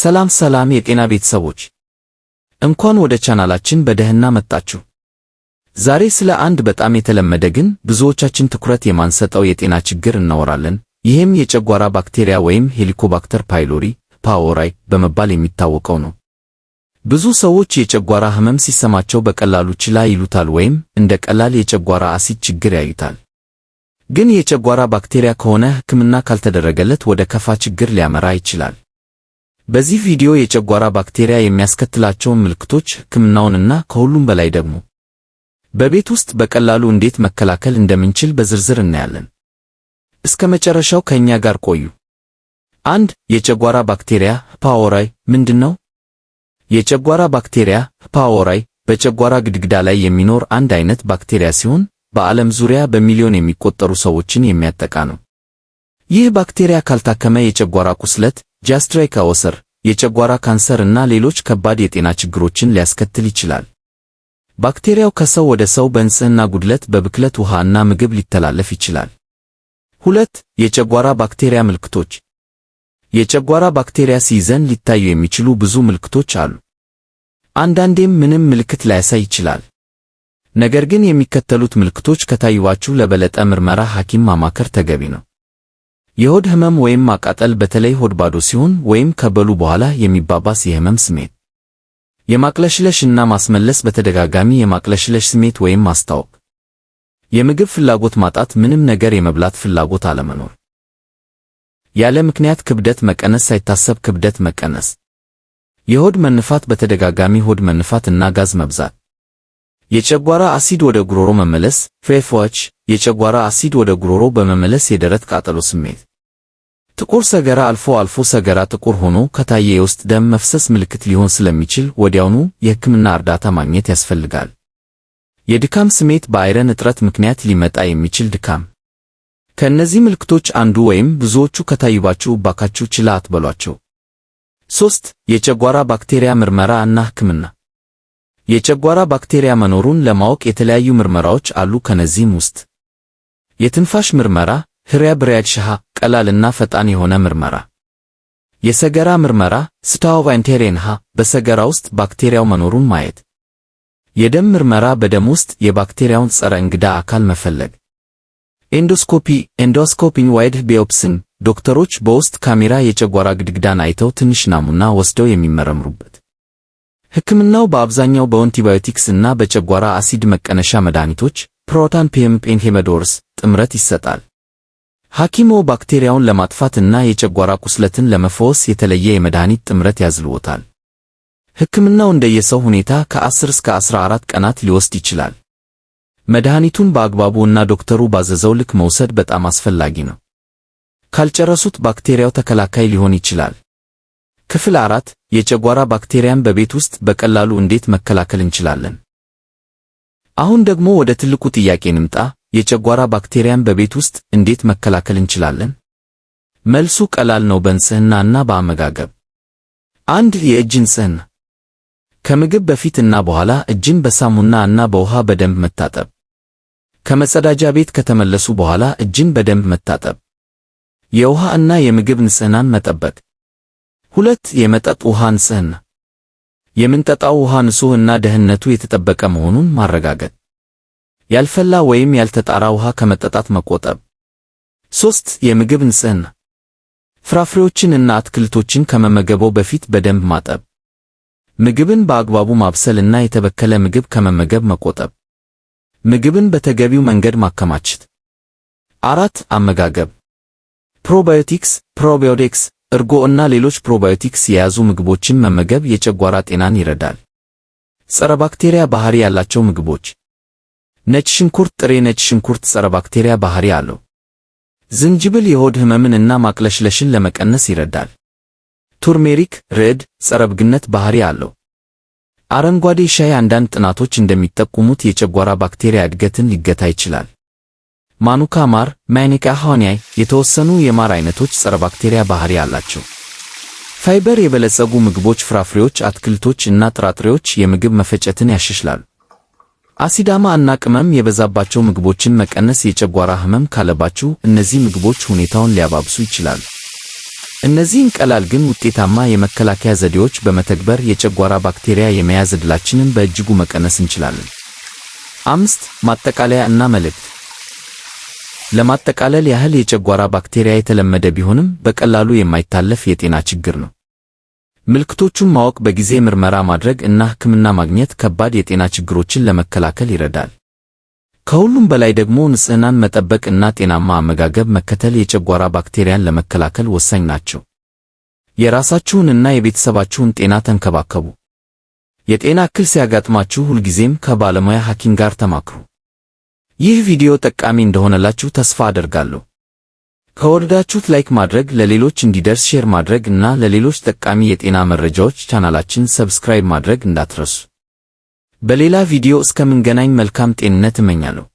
ሰላም ሰላም የጤና ቤተሰቦች እንኳን ወደ ቻናላችን በደህና መጣችሁ። ዛሬ ስለ አንድ በጣም የተለመደ ግን ብዙዎቻችን ትኩረት የማንሰጠው የጤና ችግር እናወራለን። ይህም የጨጓራ ባክቴሪያ ወይም ሄሊኮባክተር ፓይሎሪ ፓወራይ በመባል የሚታወቀው ነው። ብዙ ሰዎች የጨጓራ ህመም ሲሰማቸው በቀላሉ ችላ ይሉታል ወይም እንደ ቀላል የጨጓራ አሲድ ችግር ያዩታል። ግን የጨጓራ ባክቴሪያ ከሆነ ሕክምና ካልተደረገለት ወደ ከፋ ችግር ሊያመራ ይችላል። በዚህ ቪዲዮ የጨጓራ ባክቴሪያ የሚያስከትላቸውን ምልክቶች፣ ሕክምናውንና ከሁሉም በላይ ደግሞ በቤት ውስጥ በቀላሉ እንዴት መከላከል እንደምንችል በዝርዝር እናያለን። እስከ መጨረሻው ከእኛ ጋር ቆዩ። አንድ የጨጓራ ባክቴሪያ ፓወራይ ምንድን ነው? የጨጓራ ባክቴሪያ ፓወራይ በጨጓራ ግድግዳ ላይ የሚኖር አንድ አይነት ባክቴሪያ ሲሆን በዓለም ዙሪያ በሚሊዮን የሚቆጠሩ ሰዎችን የሚያጠቃ ነው። ይህ ባክቴሪያ ካልታከመ የጨጓራ ቁስለት፣ ጃስትሬካ ወሰር የጨጓራ ካንሰር እና ሌሎች ከባድ የጤና ችግሮችን ሊያስከትል ይችላል። ባክቴሪያው ከሰው ወደ ሰው በንጽህና ጉድለት፣ በብክለት ውሃ እና ምግብ ሊተላለፍ ይችላል። ሁለት የጨጓራ ባክቴሪያ ምልክቶች የጨጓራ ባክቴሪያ ሲይዘን ሊታዩ የሚችሉ ብዙ ምልክቶች አሉ። አንዳንዴም ምንም ምልክት ላያሳይ ይችላል። ነገር ግን የሚከተሉት ምልክቶች ከታዩዋችሁ ለበለጠ ምርመራ ሐኪም ማማከር ተገቢ ነው። የሆድ ህመም ወይም ማቃጠል በተለይ ሆድ ባዶ ሲሆን ወይም ከበሉ በኋላ የሚባባስ የህመም ስሜት፣ የማቅለሽለሽ እና ማስመለስ፣ በተደጋጋሚ የማቅለሽለሽ ስሜት ወይም ማስታወቅ፣ የምግብ ፍላጎት ማጣት፣ ምንም ነገር የመብላት ፍላጎት አለመኖር፣ ያለ ምክንያት ክብደት መቀነስ፣ ሳይታሰብ ክብደት መቀነስ፣ የሆድ መንፋት በተደጋጋሚ ሆድ መንፋት እና ጋዝ መብዛት፣ የጨጓራ አሲድ ወደ ጉሮሮ መመለስ ፌፎች የጨጓራ አሲድ ወደ ጉሮሮ በመመለስ የደረት ቃጠሎ ስሜት። ጥቁር ሰገራ አልፎ አልፎ ሰገራ ጥቁር ሆኖ ከታየ የውስጥ ደም መፍሰስ ምልክት ሊሆን ስለሚችል ወዲያውኑ የሕክምና እርዳታ ማግኘት ያስፈልጋል። የድካም ስሜት በአይረን እጥረት ምክንያት ሊመጣ የሚችል ድካም። ከእነዚህ ምልክቶች አንዱ ወይም ብዙዎቹ ከታዩባችሁ እባካችሁ ችላ አትበሏቸው። ሶስት የጨጓራ ባክቴሪያ ምርመራ እና ሕክምና። የጨጓራ ባክቴሪያ መኖሩን ለማወቅ የተለያዩ ምርመራዎች አሉ። ከነዚህም ውስጥ የትንፋሽ ምርመራ ህሪያ ብሪያድ ሽሃ ቀላልና ፈጣን የሆነ ምርመራ። የሰገራ ምርመራ ስታውቫንቴሬንሃ በሰገራ ውስጥ ባክቴሪያው መኖሩን ማየት። የደም ምርመራ በደም ውስጥ የባክቴሪያውን ጸረ እንግዳ አካል መፈለግ። ኤንዶስኮፒ ኤንዶስኮፒን ዋይድ ቢዮፕሲን ዶክተሮች በውስጥ ካሜራ የጨጓራ ግድግዳን አይተው ትንሽ ናሙና ወስደው የሚመረምሩበት። ህክምናው በአብዛኛው በአንቲባዮቲክስ እና በጨጓራ አሲድ መቀነሻ መድኃኒቶች ፕሮታምፒየም ፔንሄመዶርስ ጥምረት ይሰጣል። ሐኪሞ ባክቴሪያውን ለማጥፋት እና የጨጓራ ቁስለትን ለመፈወስ የተለየ የመድኃኒት ጥምረት ያዝልዎታል። ሕክምናው እንደየሰው ሁኔታ ከ10 እስከ 14 ቀናት ሊወስድ ይችላል። መድኃኒቱን በአግባቡ እና ዶክተሩ ባዘዘው ልክ መውሰድ በጣም አስፈላጊ ነው። ካልጨረሱት ባክቴሪያው ተከላካይ ሊሆን ይችላል። ክፍል አራት የጨጓራ ባክቴሪያን በቤት ውስጥ በቀላሉ እንዴት መከላከል እንችላለን? አሁን ደግሞ ወደ ትልቁ ጥያቄ እንምጣ። የጨጓራ ባክቴሪያን በቤት ውስጥ እንዴት መከላከል እንችላለን? መልሱ ቀላል ነው፣ በንጽህናና በአመጋገብ። አንድ የእጅ ንጽህና፣ ከምግብ በፊት እና በኋላ እጅን በሳሙና እና በውሃ በደንብ መታጠብ። ከመጸዳጃ ቤት ከተመለሱ በኋላ እጅን በደንብ መታጠብ። የውሃ እና የምግብ ንጽህናን መጠበቅ። ሁለት የመጠጥ ውሃ ንጽህና የምንጠጣው ውሃ ንጹህ እና ደህንነቱ የተጠበቀ መሆኑን ማረጋገጥ። ያልፈላ ወይም ያልተጣራ ውሃ ከመጠጣት መቆጠብ። ሶስት የምግብ ንጽህና፣ ፍራፍሬዎችን እና አትክልቶችን ከመመገበው በፊት በደንብ ማጠብ። ምግብን በአግባቡ ማብሰል እና የተበከለ ምግብ ከመመገብ መቆጠብ። ምግብን በተገቢው መንገድ ማከማቸት። አራት አመጋገብ ፕሮባዮቲክስ፣ ፕሮቢዮቲክስ፣ እርጎ እና ሌሎች ፕሮባዮቲክስ የያዙ ምግቦችን መመገብ የጨጓራ ጤናን ይረዳል። ጸረ ባክቴሪያ ባህሪ ያላቸው ምግቦች ነጭ ሽንኩርት ጥሬ ነጭ ሽንኩርት ጸረ ባክቴሪያ ባህሪ አለው። ዝንጅብል የሆድ ህመምን እና ማቅለሽለሽን ለመቀነስ ይረዳል። ቱርሜሪክ ሬድ ጸረ ብግነት ባህሪ አለው። አረንጓዴ ሻይ አንዳንድ ጥናቶች እንደሚጠቁሙት የጨጓራ ባክቴሪያ እድገትን ሊገታ ይችላል። ማኑካ ማር ማኒካ ሆኒያይ የተወሰኑ የማር አይነቶች ጸረ ባክቴሪያ ባህሪ አላቸው። ፋይበር የበለጸጉ ምግቦች፣ ፍራፍሬዎች፣ አትክልቶች እና ጥራጥሬዎች የምግብ መፈጨትን ያሻሽላሉ። አሲዳማ እና ቅመም የበዛባቸው ምግቦችን መቀነስ፣ የጨጓራ ህመም ካለባችሁ እነዚህ ምግቦች ሁኔታውን ሊያባብሱ ይችላሉ። እነዚህን ቀላል ግን ውጤታማ የመከላከያ ዘዴዎች በመተግበር የጨጓራ ባክቴሪያ የመያዝ ዕድላችንን በእጅጉ መቀነስ እንችላለን። አምስት ማጠቃለያ እና መልእክት ለማጠቃለል ያህል የጨጓራ ባክቴሪያ የተለመደ ቢሆንም በቀላሉ የማይታለፍ የጤና ችግር ነው። ምልክቶቹን ማወቅ፣ በጊዜ ምርመራ ማድረግ እና ሕክምና ማግኘት ከባድ የጤና ችግሮችን ለመከላከል ይረዳል። ከሁሉም በላይ ደግሞ ንጽህናን መጠበቅ እና ጤናማ አመጋገብ መከተል የጨጓራ ባክቴሪያን ለመከላከል ወሳኝ ናቸው። የራሳችሁን እና የቤተሰባችሁን ጤና ተንከባከቡ። የጤና እክል ሲያጋጥማችሁ ሁልጊዜም ከባለሙያ ሐኪም ጋር ተማክሩ። ይህ ቪዲዮ ጠቃሚ እንደሆነላችሁ ተስፋ አደርጋለሁ። ከወደዳችሁት ላይክ ማድረግ፣ ለሌሎች እንዲደርስ ሼር ማድረግ እና ለሌሎች ጠቃሚ የጤና መረጃዎች ቻናላችን ሰብስክራይብ ማድረግ እንዳትረሱ። በሌላ ቪዲዮ እስከምንገናኝ መልካም ጤንነት እመኛለሁ።